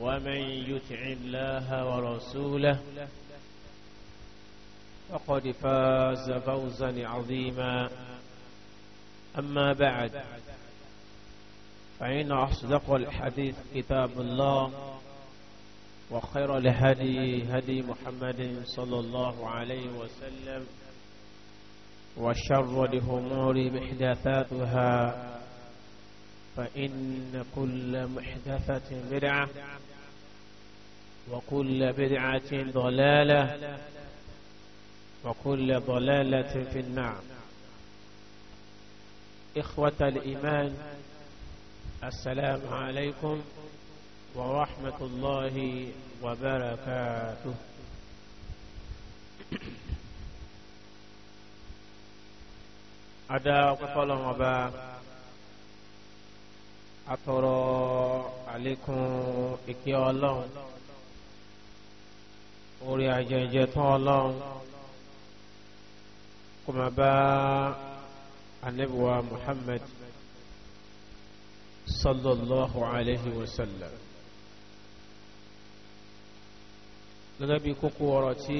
ومن يطع الله ورسوله فقد فاز فوزا عظيما أما بعد فإن أصدق الحديث كتاب الله وخير الهدي هدي محمد صلى الله عليه وسلم وشر الأمور محدثاتها فإن كل محدثة بدعة وكل بدعة ضلالة وكل ضلالة في النار إخوة الإيمان السلام عليكم ورحمة الله وبركاته أداء قفل وبركاته atọrọ àlékún ìkẹ́ ọlọ́run orí ajẹjẹ tán ọlọ́run kó máa bá anabiwa Muhammad sallallahu alayhi wa sallam gẹ́gẹ́ bí kókó ọ̀rọ̀ tí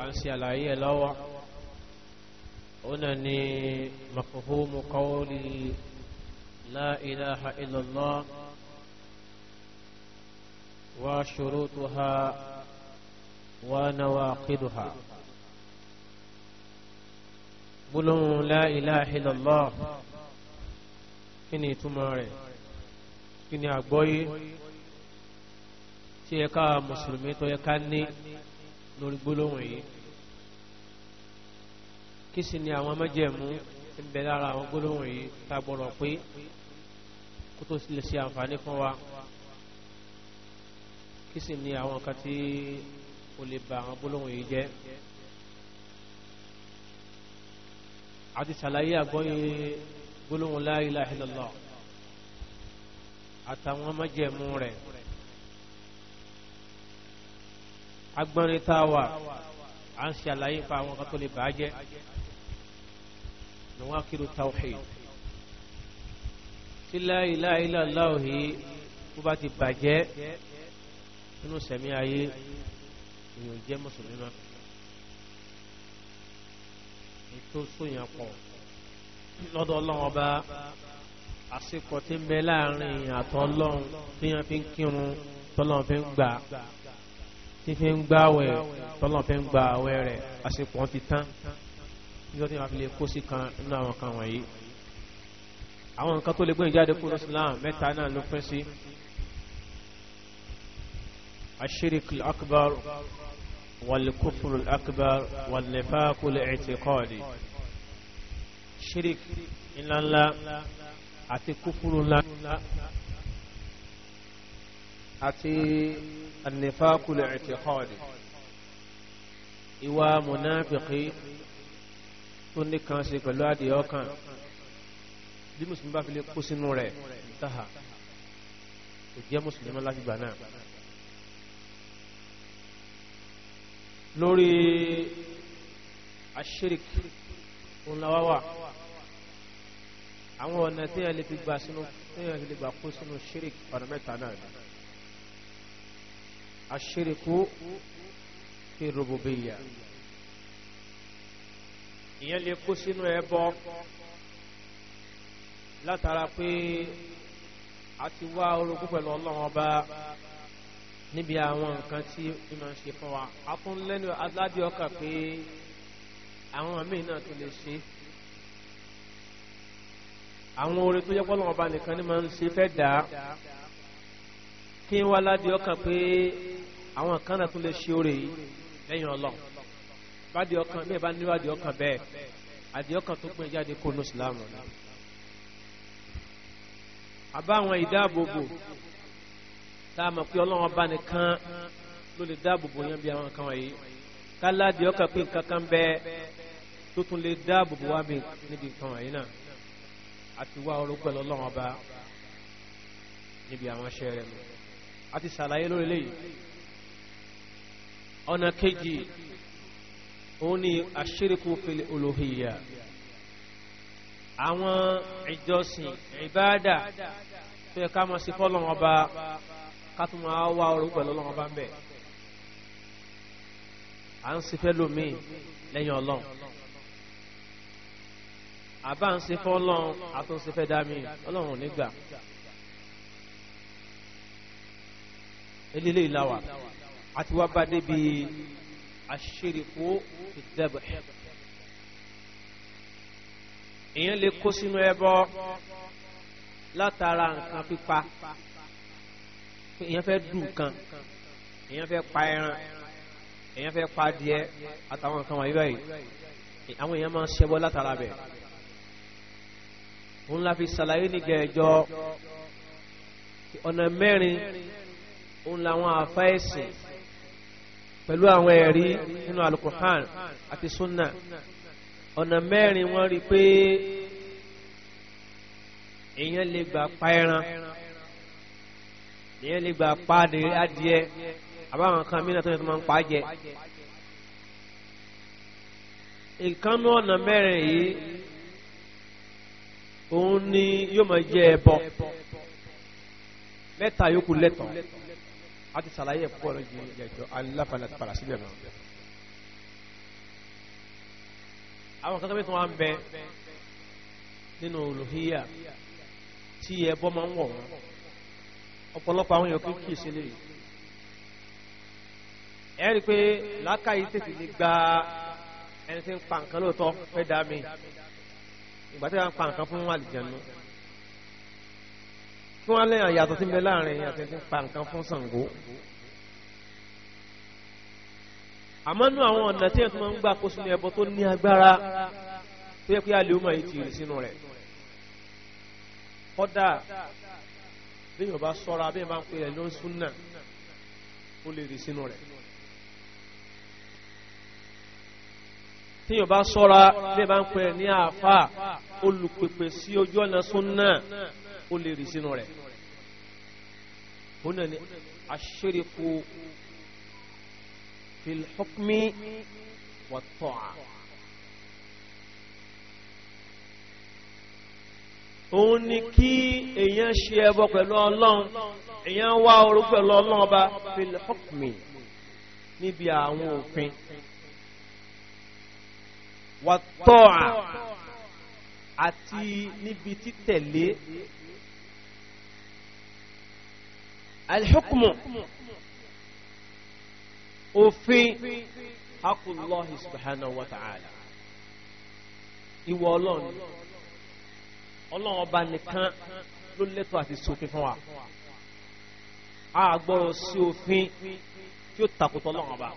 a ń ṣe àlàyé lọ́wọ́ ó náà ní mafuhumu qawli. لا إله إلا الله وشروطها ونواقضها gbólóhùn la ilaha illallah kí ni ìtumọ̀ rẹ̀ kí ni àgbọ́yé tí ẹ ká mùsùlùmí tó yẹ ká ní lórí gbólóhùn yìí kí sì ni àwọn májẹ̀mú ń bẹ lára àwọn gbólóhùn yìí tá gbọ́dọ̀ pé kó tó lè ṣe àǹfààní fún wa kí sì ni àwọn nǹkan tí ó lè ba àwọn gbólóhùn yìí jẹ́ àti ṣàlàyé àgbọ́yé gbólóhùn la ilaha àtàwọn májẹ̀mú rẹ̀ agbọ́nrin táwa à ń ṣàlàyé nípa àwọn nǹkan tó lè bàá jẹ́ nawakiru التوحيد. tí لا ilaha illallah bó وباتي ti bàjẹ́ nínú sẹ̀mí ayé èèyàn jẹ́ mùsùlùmí náà ètò sóyàn pọ̀ lọ́dọ̀ ọlọ́run ọba àsìkò tí ń bẹ láàrin àtọ́ ọlọ́run tí wọ́n fi ń kírun tọ́lọ́run fi ń gbà tí fi ń gbàwẹ̀ tọ́lọ́run fi ń gbà àwẹ̀ rẹ̀ àsìkò wọn ti tán yóò tí wọ́n fi lè kó sí kan nínú àwọn kan wọ̀nyí àwọn nǹkan tó lè gbé ìjáde kúrò Islam mẹ́ta náà ló pín sí الشرك الأكبر والكفر الأكبر والنفاق الاعتقادي شرك إلا لا àti kúfúrú ńlá àti النفاق الاعتقادي ìwà mùnáfìkì tó ní kan ṣe pẹ̀lú àdì ọkàn bí mùsùlùmí bá fi lè kó sínú rẹ̀ ìtaha kò jẹ́ mùsùlùmí láti gbà náà lórí ashirik ònlàwáwà àwọn ọ̀nà tí yẹn lè fi gbà sínú tí yẹn lè gbà kó sínú shirik ọ̀nà mẹ́ta náà ni ashiriku fi rububiyya ìyẹn lè kó sínú ẹbọ látara pé a ti wá orogún pẹ̀lú ọlọ́run ọba níbi àwọn nǹkan tí ó máa ń ṣe fún wa a tún lẹ́nu aládìí ọkà pé àwọn míì náà tó lè ṣe àwọn oore tó yẹ pọ́lọ́run ọba nìkan ni máa ń ṣe fẹ́ dà á kí wọ́n aládìí ọkà pé àwọn kan náà tó lè ṣe oore yìí lẹ́yìn ọlọ́run bádìí ọkàn bí ẹ bá ní wádìí ọkàn bẹ́ẹ̀ àdìí ọkàn tó pín jáde kó ní ìsìlámù ni àbáwọn ìdáàbòbò tá a mọ̀ pé ọlọ́wọ́n bá nìkan ló lè dáàbòbò yẹn bí àwọn kan wọ̀nyí káládìí ọkàn pé nǹkan kan bẹ́ẹ̀ tó tún lè dáàbòbò wá bí níbi nǹkan wọ̀nyí náà àti wá ọrọ̀ pẹ̀lú ọlọ́wọ́n bá níbi àwọn iṣẹ́ rẹ̀ lọ àti ṣàlàyé lórí léyìí ọ̀nà kejì òun ni àṣírikù fìlẹ̀ olóhìyà àwọn ìjọsìn ìbáàdà tó yẹ ká mọ̀ sí fọ́lọ́n ọba ká tún máa wá ọrọ̀ pẹ̀lú ọlọ́run ọba ń bẹ̀ à ń sifẹ́ lómi lẹ́yìn ọlọ́run àbá ń sifẹ́ ọlọ́run àtúnṣifẹ́ dá mi ọlọ́run nígbà eléyìí làwà àti wá bá débi àṣírìkú ìdẹ́bẹ̀ èèyàn lè kó sínú ẹbọ látara nǹkan pípa èèyàn fẹ́ dùn nǹkan èèyàn fẹ́ pa ẹran èèyàn fẹ́ pa adìẹ àtàwọn nǹkan wọ̀nyí báyìí àwọn èèyàn máa ń ṣẹbọ látara bẹ̀ òun la fi ṣàlàyé nìgẹ̀ ẹ̀jọ́ ọ̀nà mẹ́rin òun làwọn àfáìsìn pẹ̀lú àwọn ẹ̀rí nínú alukur'an àti sunna ọ̀nà mẹ́rin wọ́n rí pé èèyàn lè gbà pa ẹran èèyàn lè gbà pa adìẹ àbáwọn kan mìíràn tó yẹ tó máa ń pa jẹ nǹkan ní ọ̀nà mẹ́rin yìí òun ni yóò máa jẹ ẹbọ mẹ́ta yòókù lẹ́tọ̀ọ́ a ti ṣàlàyé ẹ̀kọ́ rẹ̀ ju ẹ̀jọ́ aláfààní àti padà síbẹ̀ mọ́. àwọn kan tó bí tí wọ́n á ń bẹ nínú olùhíyà tí ẹbọ máa ń wọ̀ wọ́n ọ̀pọ̀lọpọ̀ àwọn èèyàn kò kì í ṣe léyìí. ẹ rí i pé làákàyè tètè lè gba ẹni tí ń pa nǹkan lóòótọ́ fẹ́ dá mi ìgbà tí wọ́n pa nǹkan fún àlìjẹ̀nu kí wọ́n lẹ́yìn àyàtọ̀ tí ń bẹ láàrin àti ti pa nǹkan fún Ṣàngó àmọ́ nú àwọn ọ̀nà tí ẹ̀tún máa ń gbà kó sínú ẹbọ tó ní agbára tó yẹ pé a lè ó máa ti rì sínú rẹ̀ kọ́dà bí yóò bá sọ́ra bí yóò pè é ló ń súnà ó lè rì sínú rẹ̀ tí yóò bá sọ́ra bí yóò pè é ní àáfà olùpèpè sí ojú ọ̀nà súnà ó lè rí sínú rẹ̀ ó náà ni aṣíríkú filhukmi wàtọ́à òun ni kí èyàn ṣe ẹbọ pẹ̀lú ọlọ́run èyàn wá orú pẹ̀lú ọlọ́run ọba filhukmi níbi àwọn òfin wàtọ́à àti níbi títẹ̀lé alḥukumu òfin hakullahi subhanahu wa ta'ala ìwọ ọlọ́run ọlọ́run ọba nìkan ló lẹ́tọ̀ọ́ àti ṣòfin fún wa a gbọ́rọ̀ sí òfin tí ó takùtọ̀ ọlọ́run ọba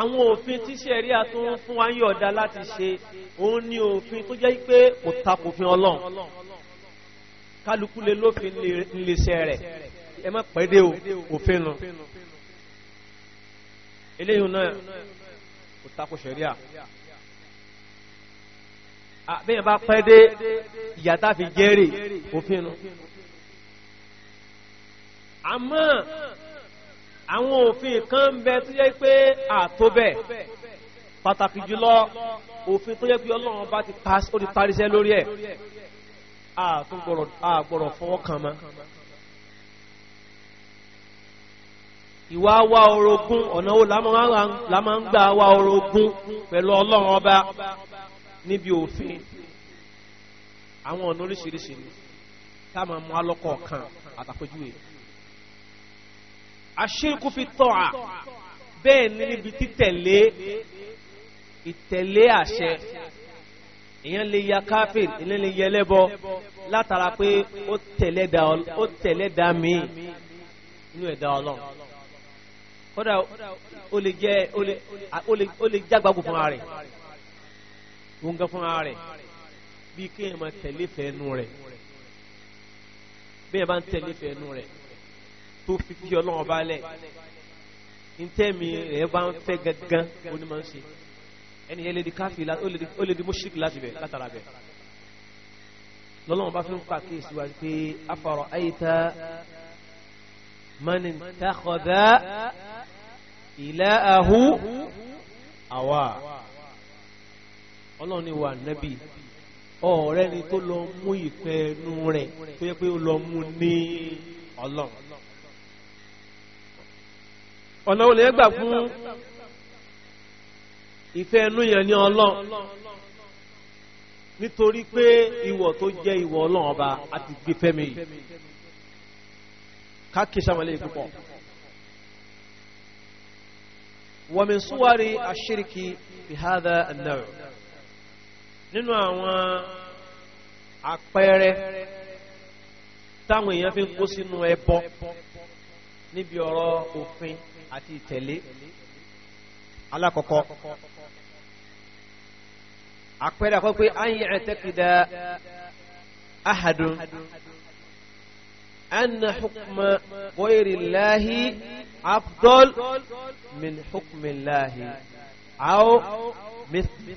àwọn òfin tí ṣẹ̀ríà tó fún wa ń yọ̀ọ̀dá láti ṣe òun ni òfin tó jẹ́ pé kò takùfin ọlọ́run kálukú lè lófin níléeṣẹ́ rẹ̀ ẹ má pẹ́dé òfin nù eléyìí náà kò tako ṣẹ̀ríà àbẹ́yìn bá pẹ́dé ìyàtà fi jẹ́rì òfin nù àmọ́ àwọn òfin kan ń bẹ tó yẹ pé àtóbẹ̀ pàtàkì jùlọ òfin tó yẹ pé ọlọ́run bá ti parí iṣẹ́ lórí ẹ̀ àgbọ̀rọ̀ fọwọ́ kan mọ́ ìwà wa orogún ọ̀nà wo la máa ń gbà wa orogún pẹ̀lú ọlọ́run ọba níbi òfin àwọn ọ̀nà oríṣiríṣi ni tá a máa mú alọ́kọ̀ kan àtàpéjúwe àṣírkú fi tọ́ a bẹ́ẹ̀ ni níbi títẹ̀lé ìtẹ̀lé àṣẹ èyàn lè ya káfíìn èyàn lè yẹ lẹ́bọ látara pé ó tẹ̀lé da míì inú ẹ̀dá ọlọ́run kódà ó lè jẹ́ ó lè jágbàgbò fún ara rẹ̀ gbóngán fún ara rẹ̀ bí kí èyàn máa tẹ̀lé fẹ́ẹ́nu rẹ̀ bí èyàn bá ń tẹ̀lé fẹ́ẹ́nu rẹ̀ tó fi kí ọlọ́run bá lẹ̀ ní tẹ́mi bá ń fẹ́ gangan onímọ̀ ń ṣe ẹni yẹn lè di káfí ó lè di mọ́ṣíríkì láti bẹ̀ látara bẹ̀ lọ́lọ́wọ́n bá fi ń pa kí ìsúwájú pé afọ̀rọ̀ ayíta mani takọ̀dá ilẹ̀ ahu àwa ọlọ́run ni nẹ́bí ọ̀rẹ́ ni tó lọ mú ìfẹ́ ẹnu rẹ̀ tó yẹ pé ó lọ mú ní ọlọ́run ọ̀nà olè gbà fún ìfẹ́ ẹnu yẹn ní ọlọ́run nítorí pé ìwọ̀ tó jẹ́ ìwọ̀ ọlọ́run ọba àti gbé fẹ́mi káàkiri sàmàlẹ́ púpọ̀ wa min suwari ash-shirki bi hadha an nínú àwọn àpẹẹrẹ táwọn èèyàn fi ń kó sínú ẹbọ níbi ọ̀rọ̀ òfin àti ìtẹ̀lé alákọ̀ọ́kọ́ àpẹẹrẹ àkọ́kọ́ pé an ya'taqida ahadun anna hukma ghayri llahi afdal min hukmi llahi aw mithl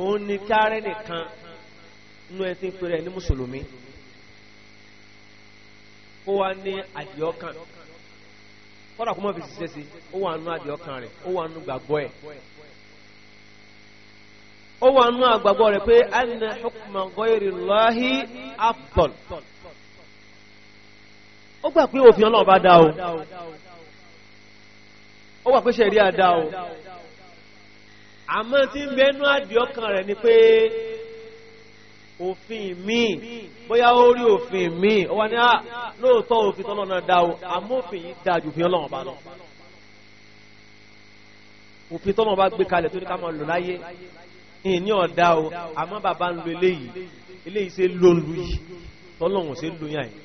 òun ni kárẹ́ nìkan nú ẹ ti ń pèrè mùsùlùmí ó wá ní àdìọ́kàn kọ́dà kó mọ́ fi O ó wà nú àdì ọkàn rẹ̀ ó wà nú gbàgbọ́ ẹ̀ ó wà nú àgbàgbọ́ rẹ̀ pé ó gbà pé òfin o ó gbà pé dá o àmọ́ tí ń bẹ́nu àdì ọkàn rẹ̀ ni òfin míì bóyá ó rí òfin míì ó wá ní à ah, lóòótọ́ òfin tọ́lọ́ náà dá o àmófin yìí dáa jù fún ọlọ́run ọba lọ. òfin tọ́lọ́ bá gbé kalẹ̀ tó ní ká máa lò láyé ìní ọ̀dá o àmọ́ bàbá ń lo eléyìí eléyìí ṣe ló ń lu yìí tọ́lọ́run ṣe ń lo yàn yìí.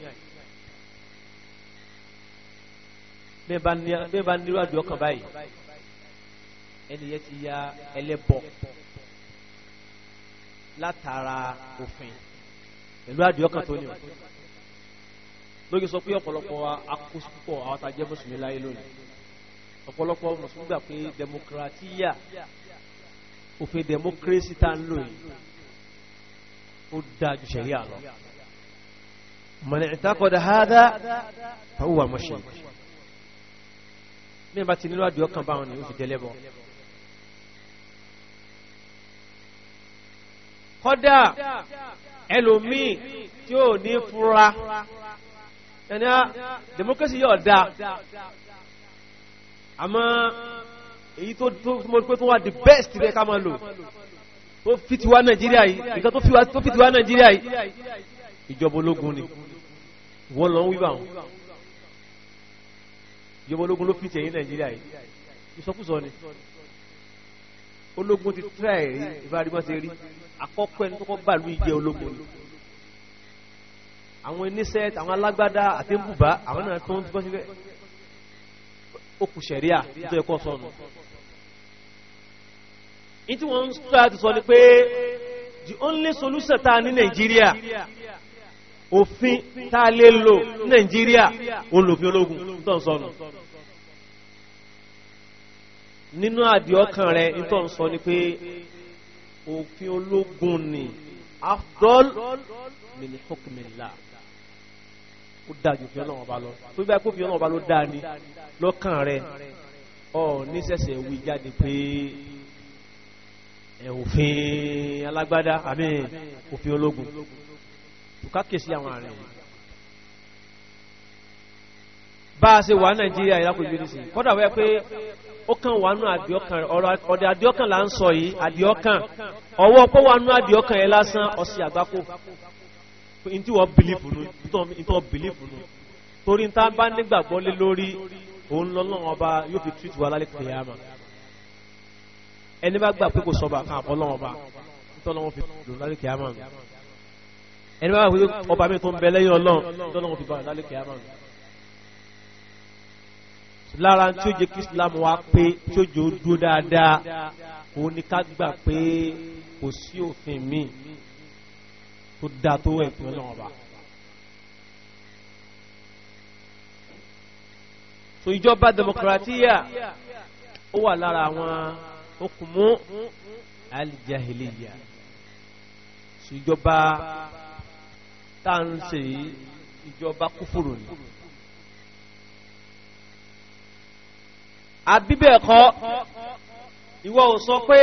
bẹ́ẹ̀ bá nírú àdúrà báyìí ẹni yẹn ti ya ẹlẹ́bọ̀ látara òfin pẹ̀lú àdìọ́kàn tó ní o lókè sọ pé ọ̀pọ̀lọpọ̀ akóso púpọ̀ àwọn àtàjẹ́ mùsùlùmí láyé lónìí ọ̀pọ̀lọpọ̀ mùsùlùmí gbà pé democratia òfin democracy tá ń lò yìí ó dájú ṣẹ̀ríà lọ man i'taqada hadha fa huwa mushrik ní ìbá ti nílò àdìọ́kàn báwọn ni ó fi dẹ́lẹ́bọ̀ kọ́dà ẹlòmíì tí ó ní fúra ẹni a democracy yóò dá àmọ́ èyí tó mọ́ pé tó wà the best rẹ̀ ká máa lò tó fìtíwá Nàìjíríà yìí nǹkan tó fìtíwá Nàìjíríà yìí ìjọba ológun ni wọ́n lọ ń wíbà wọn ìjọba ológun ló fìtì ẹ̀yìn Nàìjíríà yìí ìsọkúsọ ni ológun ti tẹ́ ẹ̀rí ìbáraẹnìmọ́ ti rí àkọ́kọ́ ẹni tó kọ́ bàlú ìjẹ ológun ni àwọn oníṣẹ́ àwọn alágbádá àti bùbá àwọn náà tó ń gbọ́ síbẹ̀ ó kù sẹ̀ríà tó ẹ̀kọ́ sọnù ní tí wọ́n ń sọ àti sọ ni pé the only solution ta ní Nàìjíríà òfin tá a lè lò Nàìjíríà olùfin ológun tó ń sọnù nínú àdì ọkàn rẹ̀ nítọ́ ń sọ ni pé òfin ológun ni afdol min hukmillah ó dájú fi ọlọ́wọ́ bá lọ tó bá kó fi ọlọ́wọ́ bá ló dáa ni lọ́kàn rẹ̀ ọ nísẹ̀sẹ̀ wí jáde pé òfin alágbádá àmì òfin ológun tó kákèsí àwọn àrẹ̀ yìí bá a ṣe wà nàìjíríà ìrápòjú ní sí kọ́dà wẹ́ pé ó kàn wà nù àdìọ́kàn ọ̀rọ̀ ọ̀dẹ̀ àdìọ́kàn là ń sọ yìí àdìọ́kàn ọwọ́ pọ́ wà nù àdìọ́kàn yẹn lásán ọ̀sìn àgbákò ntí wọ́n bìlífù nù ntí wọ́n bìlífù nù torí ntá bá nígbàgbọ́ lé lórí òun lọ́lọ́run ọba yóò fi tìtù wa lálẹ́ kìyàmà ẹni bá gbà pé kò sọba kan àbọ́lọ́run ọba ntọ́lọ́run fi tìtù lálẹ́ kìyàmà ẹni bá gbà pé ọba mi tó ń bẹ lẹ́yìn ọlọ́run ntọ́lọ́run fi bá lálẹ́ kìyàmà mi lára tí ó jẹ́ kí islam wá pé tí ó jẹ́ ó dúró dáadáa òun ni ká gbà pé kò sí òfin míì tó dáa tó ẹ̀sìn ọlọ́run ọba. so ìjọba demokiratiya ó wà lára àwọn okùnmú alijahiliya so ìjọba tá à ń ṣe ìjọba kúfùrù ni. àbíbẹ̀ẹ̀kọ́ ìwọ ò sọ pé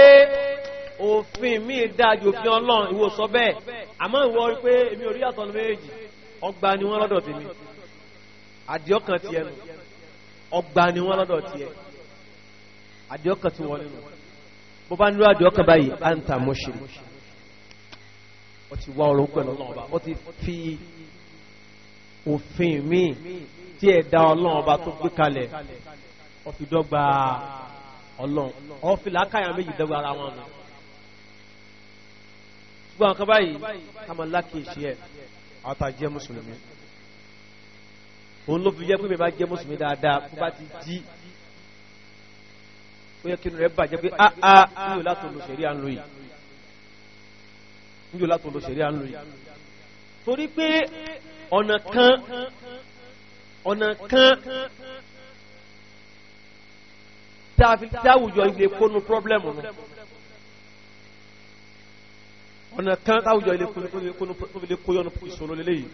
òfin mi dájú òfin ọlọ́run ìwọ sọ bẹ́ẹ̀ àmọ́ ìwọ rí pé èmi ò rí yàtọ̀ ní méjì ọgbà ni wọ́n lọ́dọ̀ tèmi àdìọ́kàn ti ẹnu ọgbà ni wọ́n lọ́dọ̀ ti ẹ àdìọ́kàn ti wọ́n nínú bó bá nílò àdìọ́kàn báyìí à ń ta mọ́ṣe ó ti wá ọ̀rọ̀ pẹ̀lú ọba ó ti fi òfin mi tí ẹ̀dá ọlọ́run ọba tó gbé kalẹ̀ ọ̀fi dọ́gba ọlọ́run ọ̀fi làákàyà méjì dọ́gba ara wọn nù ṣùgbọ́n àwọn kan báyìí ká máa lákì ìṣe ẹ̀ àwọn tá a jẹ́ mùsùlùmí òun ló fi jẹ́ pé mi bá jẹ́ mùsùlùmí dáadáa bó bá ti jí ó yẹ kí inú rẹ̀ bàjẹ́ pé áá ah, ah, níyò látò lò ṣẹ̀rí à ń lò látò lò ṣẹ̀rí à yìí torí pé ọ̀nà kan ọ̀nà kan tí àwùjọ ilé kónú pọ́blẹ́mù nù ọ̀nà kan táwùjọ ilé kónú ìṣòro lélẹ́yìí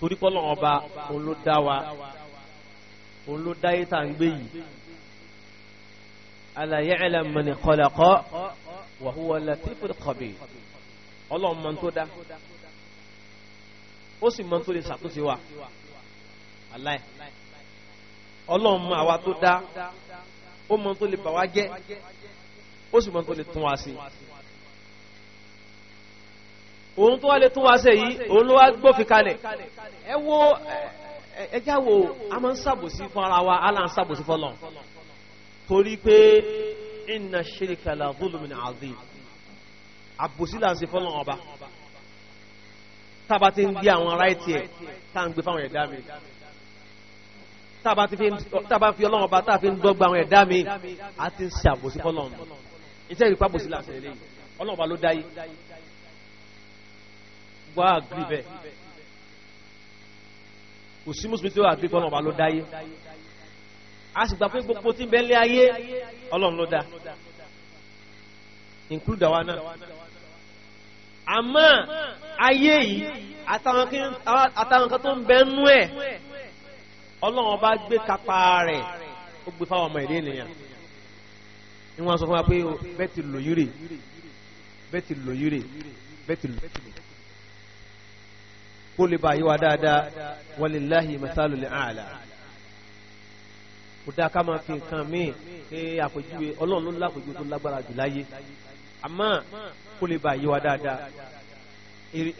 torí pọ́lọ̀ ọba òun ló dá wa òun ló dá yíta ń gbé yìí ala ya'lam man khalaqa wa huwa latiful khabir tó dá ó sì mọ́ tó lè ṣàtúnṣe wa aláì ọlọ́run àwa tó dá ó mọ tó lè bà wá jẹ́ ó sì mọ tó lè tún wá sí òun tó wá lè tún wá sí yìí òun ló wá gbófin kalẹ̀ ẹ wo ẹjá wo a máa ń ṣàbòsí fún ara wa ala ń ṣàbòsí fọlọ torí pé inna shirka la zulmun azim àbòsí là ń ṣe fọlọ ọba tábà ti ń gbé àwọn aráyé tiẹ̀ tá à ń gbé fáwọn ẹ̀dá mi tába fi ọlọ́run ọba táà fi ń dọ́gba àwọn ẹ̀dá mi a ti ń ṣàbòsí fọlọ́run iṣẹ́ ìrìpá bòsí làṣẹ lè yìí ọlọ́run ọba ló dáyé gbọ́ àgbì bẹ́ẹ̀ kò sí mùsùlùmí tí ó àgbì fọlọ́run ọba ló dáyé a sì gbà pé gbogbo tí ń bẹ lé ayé ọlọ́run ló dá include àwa náà àmọ́ ayé yìí àtàwọn kan tó ń bẹ nú ẹ̀ ọlọ́run bá gbé kápá rẹ̀ ó gbé fáwọn ọmọ ìdí ènìyàn ni wọ́n sọ fún wa pé bẹ́ẹ̀tì lòyúrè bẹ́ẹ̀tì lòyúrè bẹ́ẹ̀tì lòyúrè kó lè bá yíwa dáadáa walillahi masalul a'la kò dáa ká máa fi nǹkan míì ṣe àpèjúwe ọlọ́run ló lápèjúwe tó lágbára jù láyé àmọ́ kó lè bá yíwa dáadáa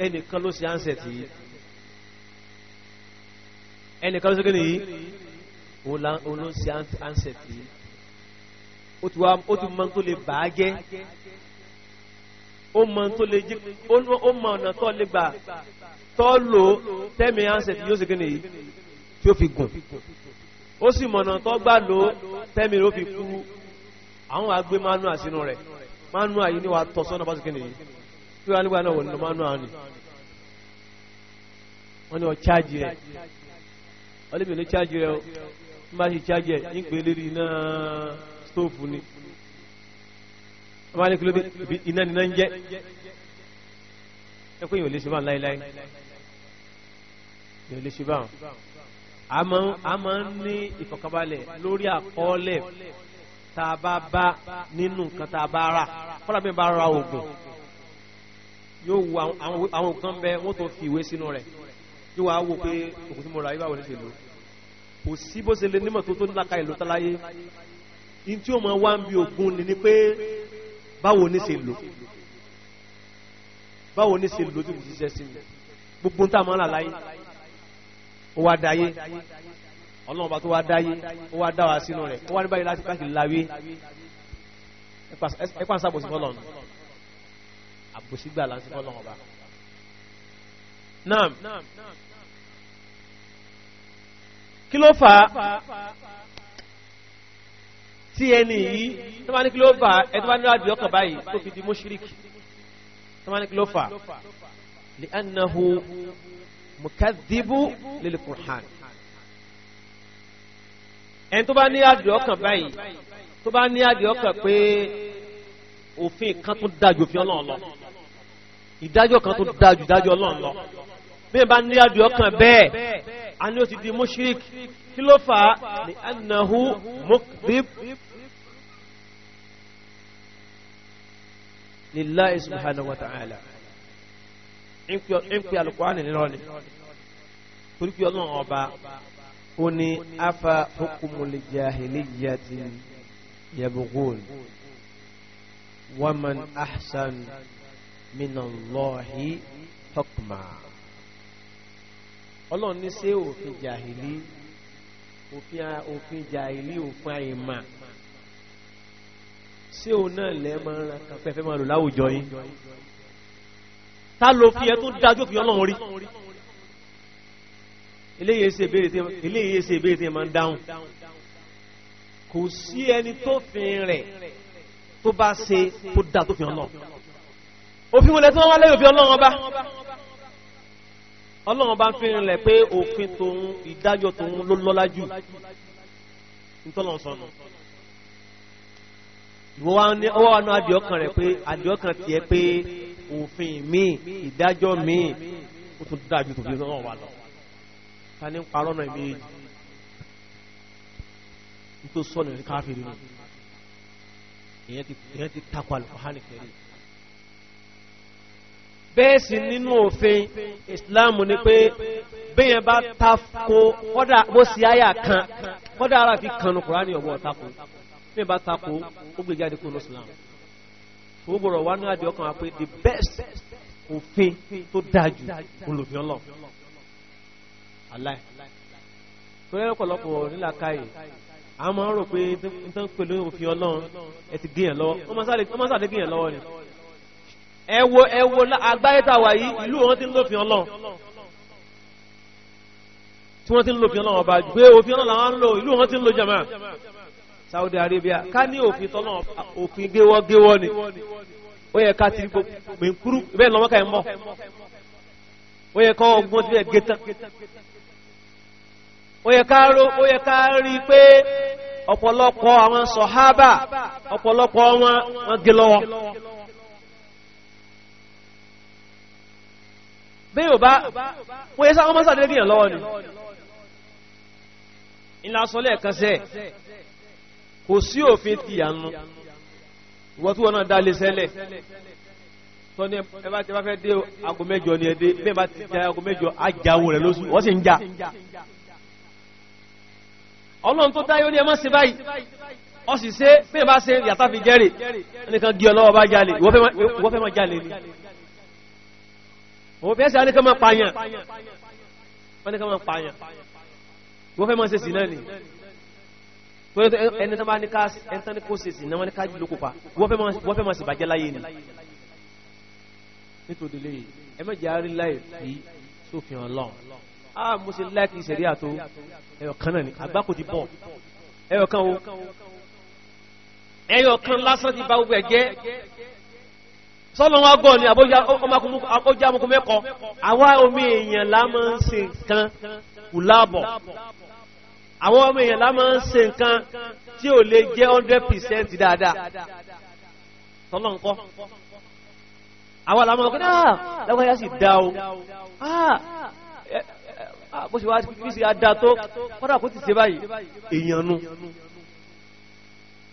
ẹnìkan ló ṣe ánsẹ̀tì yìí ẹnìkan ló ṣe kíni yìí òun ló ṣe ancestry yìí ó ti wá ó ti mọ tó lè bà á jẹ́ ó mọ tó lè jẹ́ ó mọ ọ̀nà tó lè gbà tó lò tẹ́mi ancestry yóò ṣe kíni yìí tí ó fi gùn ó sì mọ̀nà tó gbà lò tẹ́mi ló fi kú àwọn àgbé manua sínú rẹ̀ manua yìí ni wà tọ̀ sọ́nà bá ṣe kíni tí wọ́n á nígbà náà wọ̀ nínú manua ni wọ́n ní ọ chájì rẹ̀ ọlẹ́bí ní chájì rẹ̀ ó má ṣe chájì ẹ̀ ń pè lérí iná stóòfù ni ọmọ alẹ́ kìlódé iná níná ń jẹ́ ẹ pé yóò lè ṣe báwọn láéláé yóò lè ṣe báwọn a máa ń ní ìfọ̀kànbalẹ̀ lórí àkọọ́lẹ̀ tá a bá bá nínú nǹkan tá a bá rà kọ́lá bí n bá ra oògùn yóò wo àwọn nǹkan bẹ wọ́n tó fi ìwé sínú rẹ̀ tí wọ́n á wò pé òkú tí mo ra ibáwọ̀ ní ṣe lò kò sí bó ṣe lè nímọ̀ tó tó nílaka ìlú táláyé in tí ó mọ̀ wá ń bí ogun ni ni pé báwo ní ṣe lò báwo ní ṣe lò tí kò ṣiṣẹ́ sí mi gbogbo ń tà mọ́ láláyé ó wá dáyé ọlọ́run bá tó wá dáyé o wá dá wa sínú rẹ̀ ó wá ní báyìí láti káàkiri láwé ẹ̀pà ń sábòsí fọ́lọ́run àbòsígbà láti fọ́lọ́run ọba náà kí ló fà á tí ẹni yìí tó bá ní kí ló fà á ẹni tó bá ní àdìọ́ kan báyìí tó fi di mọ́ṣíríkì tó bá ní kí ló fà á lè anahu mukadibu lil Qur'an ẹni tó bá ní àdìọ́ kan báyìí tó bá ní àdìọ́ kan pé òfin kan tún dájú òfin Ọlọ́run lọ ìdájọ́ kan tún dájú ìdájọ́ Ọlọ́run lọ bí ẹ bá ní àdìọ́ kan bẹ́ẹ̀ a ní ó ti di mushrik kí ló fà á ní annahu mukdib lillahi subhanahu wa ta'ala ń pè alùkùránì nírọ́ ni torípé ọlọ́run ọba ó ní afa hukumul jahiliyyati yabghun wa man ahsan min Allahi hukma ọlọ́run ní ṣé òfin jàhìlì òfin jàhìlì òfin àìmà ṣé òun náà lẹ́ máa ń ra kàfẹ́ fẹ́ máa lò láwùjọ yín tá ló fi ẹ tó dájú òfin ọlọ́run rí eléyìí ṣe ìbéèrè tí ẹ máa ń dáhùn kò sí ẹni tó fin rẹ̀ tó bá ṣe tó dá tó fi ọlọ́run òfin wọlé tí wọ́n wá lẹ́yìn òfin ọlọ́run ọba ọlọ́run bá ń fi rinlẹ̀ pé òfin tòun ìdájọ́ tòun ló lọ́lá jù nítọ́lọ́run sọnù ìwọ wa ní ọwọ́ wa ní adìọ́kan rẹ̀ pé adìọ́kan tiẹ̀ pé òfin míì ìdájọ́ míì ó tún dájú tòun lọ́wọ́ wa lọ ta ní parọ́ náà méjì nítorí sọ́nù ní káfíìrì nù ìyẹn ti takọ àlùkò hánìkẹ́rì bẹ́ẹ̀ sì nínú òfin ìsìláàmù ni pé bẹ́yẹn bá tako kọ́dà bó sì áyà kan kọ́dà ara fi kanu kùránì ọ̀bọ̀ tako bẹ́ẹ̀ bá tako ó gbé jáde kúrò ìsìláàmù ó gbọ́dọ̀ wá ní àdé ọkàn wa pé the best òfin tó dáa jù olùfin ọlọ́ aláì tó yẹ lọ́pọ̀lọpọ̀ nílà káyè a máa ń rò pé nítorí pẹ̀lú òfin ọlọ́run ẹ ti gé yẹn lọ́wọ́ wọ́n sáré gé lọ́wọ́ ni. ẹwọ ẹwọ wà yìí ìlú wọn ti ń lófin ọlọ́run tí wọ́n ti ń lófin ọlọ́run ọba gbé òfin ọlọ́run àwọn ń lò ìlú wọn ti ń lò jama Saudi Arabia ká ní òfin tọ́lọ́run òfin géwọ́ géwọ́ ni ó yẹ ká ti rí gbẹ̀ǹkúrú bẹ́ẹ̀ lọ́mọ́ ká ẹ̀ mọ́ ó yẹ ká ọgbọ́n ti bẹ́ẹ̀ gé tán ó yẹ ká rí i pé ọ̀pọ̀lọpọ̀ àwọn sọ̀hábà ọ̀pọ̀lọpọ̀ wọn gé lọ́wọ́. bí yóò bá wọ́n yẹ sáwọn mọ́sàdé gíyàn lọ́wọ́ ni ìlà sọlẹ̀ kan sẹ́ kò sí òfin ti àánú ìwọ́n tí wọ́n náà dálé sẹ́lẹ̀ tọ́ ní ẹbá tí wọ́n fẹ́ dé ago mẹ́jọ ní ẹdẹ bẹ́ẹ̀ bá ti jẹ ago mẹ́jọ ajáwó rẹ̀ lóṣù wọ́n sì ń já ọlọ́run tó dáyé ó ní ẹmọ́ sí báyìí ọ sì ṣe bẹ́ẹ̀ bá ṣe yàtá fi jẹ́rì ẹnìkan gí ọlọ́wọ́ bá jalè ìwọ́fẹ́ mọ́ jalè ni wọ́n fẹ́ sí aníkà máa pààyàn aníkà máa pààyàn wọ́n fẹ́ máa ṣe sí náà ni ẹni tán bá ní ká kó ṣe sí náà wọ́n ní ká jùlọ kópa wọ́n fẹ́ máa sì bàjẹ́ láyé ni nítorí lè ẹ mẹ́jẹ̀ àárín láì fi sófin ọlọ́run ah mo ṣe láìkì ìṣẹ̀rí àtó ẹyọkan náà ni àgbákò ti bọ̀ ẹyọkan o kan lásán ti bá gbogbo ẹ̀jẹ̀ sọ́lọ́ wọn gọ́ ni àbójá ọmọkùn mẹ́kọ àwa omi èèyàn la máa ń ṣe nǹkan kùláàbọ̀ àwọn ọmọ èèyàn la máa ń ṣe nǹkan tí ò lè jẹ́ 100% dáadáa sọ́lọ́ nǹkan àwa la máa ń kọ́ ah, lọ́wọ́ yá sì dá o ah, ah, bó ṣe wá fi sí adá tó kọ́dà kó ti ṣe báyìí èèyàn nu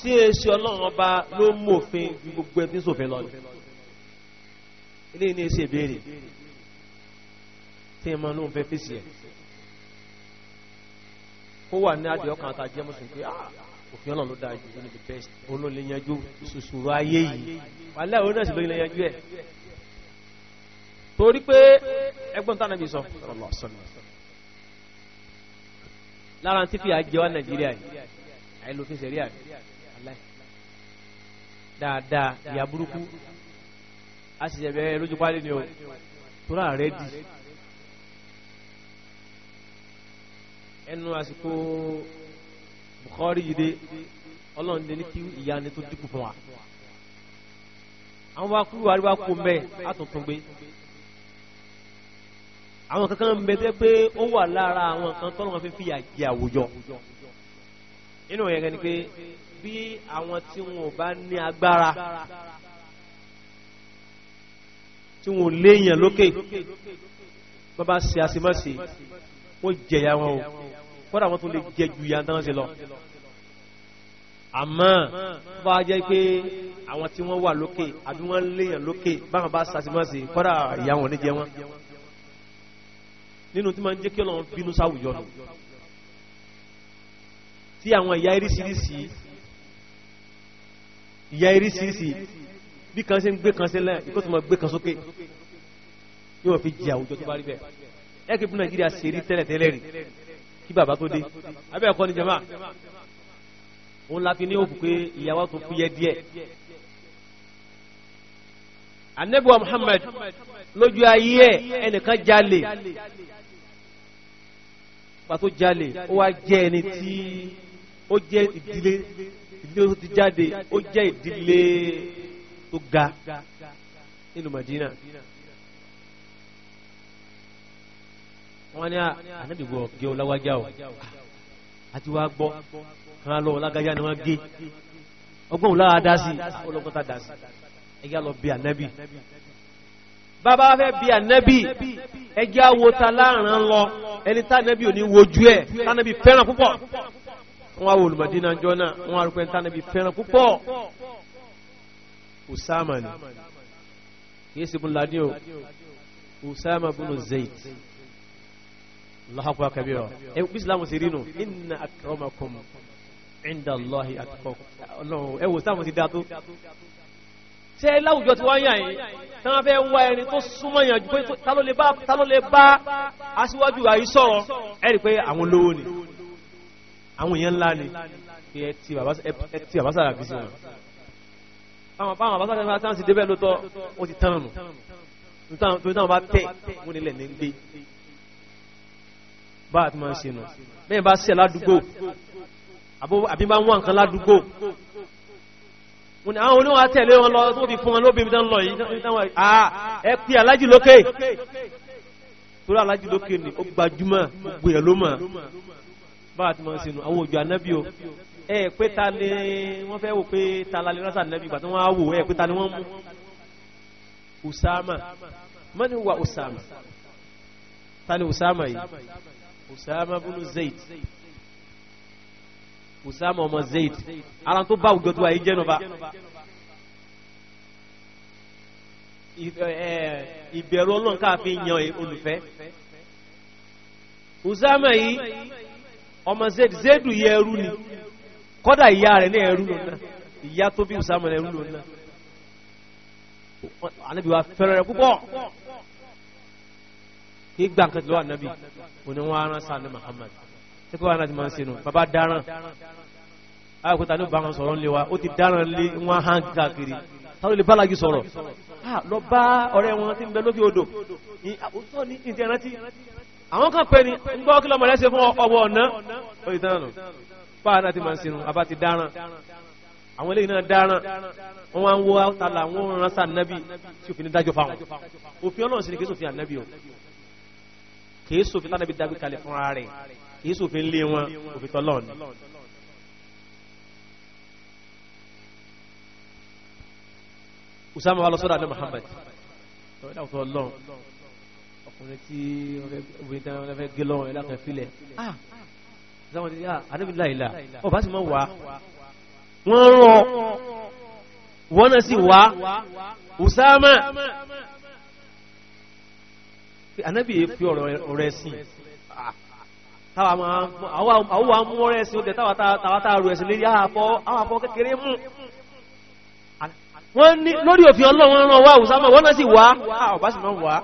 tí e ṣe ọlọ́run ọba ló mòfin ju gbogbo ẹbí sòfin lọ ilé ní ṣe ìbéèrè tí ìmọ̀ ló ń fẹ́ fèsì ẹ̀ kó wà ní adìẹ ọkàn àtàjẹ́ mùsùlùmí pé ah, òfin ọlọ́run ló dáa jù ní the best olóòlè yanjú ṣùṣùrù ayé yìí wàhálà òun náà sì lóyìn yanjú ẹ̀ torí pé ẹgbọ́n tánà bí sọ lára tí fi nàìjíríà yìí dáadáa ìyá burúkú a sì yẹ̀bẹ̀ eh, lójú pálí ni o tó rà rẹ di ẹnu àsìkò Bukhari yìí dé ọlọ́run dé ní kí ìyá ni tó dínkù fún wa àwọn bá kúrò àríwá kó mẹ́ àtúntún gbé àwọn kankan mẹ́tẹ́ pé ó wà lára àwọn kan tọ́lọ́wọ́n fi fìyà jẹ àwùjọ inú yẹn ni pé bí àwọn tí wọn ò bá ní agbára tí wọn ò léèyàn lókè bọ́ bá ṣe àṣemáṣe wọ́n jẹ̀yà wọn o kọ́dà wọn tún lè jẹ ju ìyá tán ṣe lọ àmọ́ bá jẹ́ pé àwọn tí wọ́n wà lókè àbí wọ́n léèyàn lókè báwọn bá ṣàṣemáṣe kọ́dà ìyá wọn ní jẹ wọn nínú tí máa ń jẹ́ kí ọlọ́run bínú sáwùjọ nù tí àwọn ìyá irísirísi ìyá irísìírísì bí kan ṣe ń gbé kan sí lẹ́yìn ikọ́ tó máa gbé kan sókè ní wọ́n fi jẹ àwùjọ tó bá rí bẹ́ẹ̀ ẹ̀kẹ́ bí nàìjíríà ṣe rí tẹ́lẹ̀tẹ́lẹ̀ rí kí bàbá tó dé abẹ́ ẹ̀kọ́ ni jama òun la ní òkú pé ìyàwó tó fúyẹ́ díẹ̀ anabiwa Muhammad lójú ayé ẹ̀ ẹnìkan jalè pàtó jalè ó wá jẹ́ ẹni tí ó jẹ́ ìdílé ìdílé tó ti jáde ó jẹ́ ìdílé tó ga nínú Madina wọ́n ní ah, ànábìgbò ọ̀gẹ́ ọláwájá o àti wá gbọ́ kan lọ ọlágájá ni wọ́n gé ọgbọ́n lára dá sí ọlọ́gbọ́ta dá sí ẹgbẹ́ lọ bí ànábì bàbá fẹ́ bí ànábì ẹgbẹ́ awota láàrin lọ ẹni tá ànábì ò ní wojú ẹ̀ tá ànábì fẹ́ràn púpọ̀ wọ́n wá wòlù Madina jọ náà wọ́n wá rúpẹ́ tánàbí fẹ́ràn púpọ̀ Usama ni kìí sí bùn ládí o Usama bùn Zaid lọ́hàpọ̀ akẹ́bíọ̀ ẹ̀ bí Islam sì rínú inna akramakum inda Allahi atqakum ẹ̀ wò Islam àwọn èèyàn ńlá ni ẹ ti bàbá sára fi sí wọn àwọn báwọn bàbá sára sáà ti débẹ̀ lótọ́ wọ́n ti tán nù torí táwọn bá tẹ̀ wọ́n nílẹ̀ ní gbé bá àti máa ń ṣe nù bẹ́ẹ̀ bá ṣẹ̀ ládùúgbò àbí bá wọ́n nǹkan ládùúgbò wọn àwọn oníwà tẹ̀lé wọn lọ tó fi fún wọn lóbi ìdán lọ yìí ah, ẹ pí alájì lókè ni ó gbajúmọ̀ bá a ti máa ń àwọn òjò ànábì o ẹ pé ta ni wọ́n fẹ́ wò pé ta la lè rásà ànábì ìgbà tí wọ́n á wò ẹ pé ta ni wọ́n mú Usama mọ́ni wa Usama ta ni Usama yìí Usama bunu Zaid Usama ọmọ Zaid ara tó bá ògbẹ́ tó wà yìí jẹ́ nọba ìbẹ̀rù ọlọ́run káàfin yan olùfẹ́ Usama yìí ọmọ zedu zaidu yẹ ẹrú ni kọ́dà ìyá rẹ̀ ní ẹrú lòna ìyá tó bí usama ẹrú lòna anabi wa fẹ́rẹ̀ rẹ̀ púpọ̀ kí gbà nǹkan lọ́wọ́ anabi òní wọn aran sáà ní muhammad tí kò wà náà ti máa ń sinú bàbá dáràn àkótá ló bá wọn sọ̀rọ̀ ńlẹ̀ wa ó ti dáràn lé wọn hàn káàkiri táwọn olè bálagi sọ̀rọ̀ ah, lọ bá ọ̀rẹ́ wọn ti ń bẹ lókè odò òótọ́ ní ìdí ẹ̀rántí àwọn kan pè ní gbọ́ kí lọ́mọ lẹ́sẹ̀ fún ọwọ́ ọ̀nà orí tánà pàà náà ti máa ń sinú àbá ti dáràn àwọn eléyìí náà dáràn wọn wá ń wo àtàlà wọn rán sá nábì tí òfin dájọ́ fáwọn òfin ọlọ́run sì ni kìí sòfin o kìí sòfin tánàbì dágbé kalẹ̀ fúnra rẹ̀ kìí sòfin lé wọn òfin tọ́lọ́run Usama wa lọ sọ́dọ̀ àdé Muhammad ọ̀rẹ́dà òfin ọlọ́run ọ̀rẹ́ tí obìnrin tán lọ́fẹ́ gé lọ́rùn ẹ̀ lákan ah. ah sáwọn ti ah anábì mọ́ wá wọ́n rọ wọ́n náà sì wá Usama fi ọ̀rọ̀ rẹ̀ sí ah. àwọn mú ọ̀rẹ́ sí ọdẹ táwátá rú ẹ̀sìn lérí àwàfọ́ kékeré wọ́n ní lórí òfin Ọlọ́run rán wá Usama wọ́n náà sì wá ọ̀bá ah, sì mọ́ wá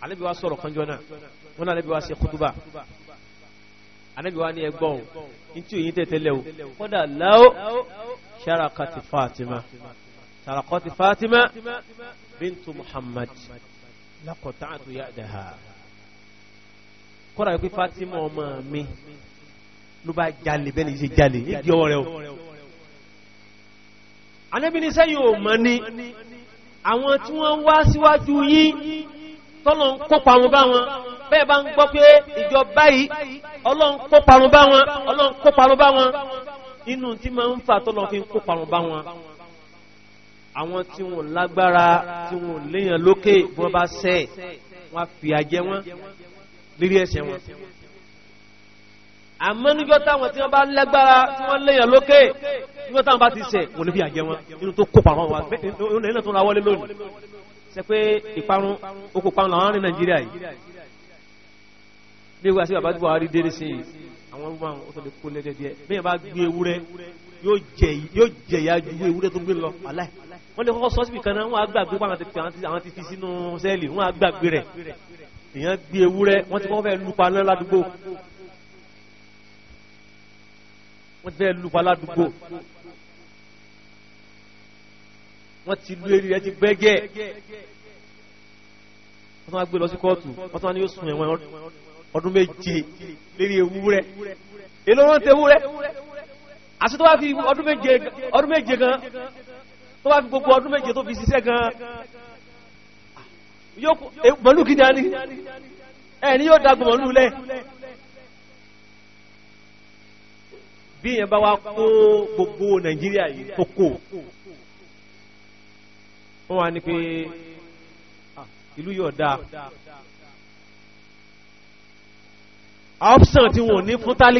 anabi wa sọ̀rọ̀ kanjọ náà wọn náà anabi wa ṣe kutuba anabi wa ni ẹgbọn ntí òyìn tẹtẹlẹ o kódà láwọ sarakati fatima sarakati fatima bintu muhammad lakọta àti yadaha kódà wípé fatima ọmọ mi ló bá jalè bẹ́ẹ̀ ni ṣe jalè ní ìdí o anabi ni sẹ́yìn ò mọ́ ni àwọn tí wọ́n wá síwájú yín tọ́lọ̀ ń kó parun bá wọn bẹ́ẹ̀ bá ń gbọ́ pé ìjọ báyìí ọlọ́run kó parun bá wọn ọlọ́run kó parun bá wọn inú tí máa ń fà tọ́lọ̀ fi ń kó parun bá wọn àwọn tí wọn lágbára tí wọn léèyàn lókè bí wọn bá sẹ wọn fi àjẹ wọn lérí ẹsẹ wọn àmọ́ níjọ́ táwọn tí wọ́n bá lágbára tí wọ́n léèyàn lókè níjọ́ táwọn bá ti sẹ̀ wọ́n lè fi àjẹ wọn inú tó kó parun wọn bẹ́ẹ̀ ní ìlànà ṣe pé ìparun okò parun làwọn arìn nàìjíríà yìí bí wá sí bàbá tí buhari dé nísìnyí àwọn ọmọ àwọn ọ̀tọ̀ lè kó lẹ́gẹ́ díẹ̀ bẹ́ẹ̀ bá gbé ewúrẹ́ yóò jẹ̀yà ju ewúrẹ́ tó gbé lọ aláì wọ́n lè kọ́kọ́ sọ síbi kan náà wọ́n á gbàgbé pàmò àti àwọn ti fi sínú sẹ́ẹ̀lì wọ́n á gbàgbé rẹ̀ èèyàn gbé ewúrẹ́ wọ́n ti kọ́ fẹ́ lupa náà ládùúgbò wọ́n ti fẹ́ lupa ládùúgbò wọ́n ti lú eré rẹ̀ ti gbẹ́gẹ́ wọ́n tún wá gbé lọ sí kóòtù wọ́n tún wá ní yóò sùn ẹ̀wọ̀n ọdún méje lérí ewúrẹ́ èlò wọ́n tẹ ewúrẹ́ àti tó wá fi ọdún méje gan tó wá fi gbogbo ọdún méje tó fi ṣiṣẹ́ gan e, mọ̀lú kí ni a ní ẹni yóò dagun mọ̀lú lẹ́ bí ìyẹn bá wá kó gbogbo Nàìjíríà yìí tó kó wọ́n wá ní pé ah, ìlú yóò dáa option tí wọ́n ní fún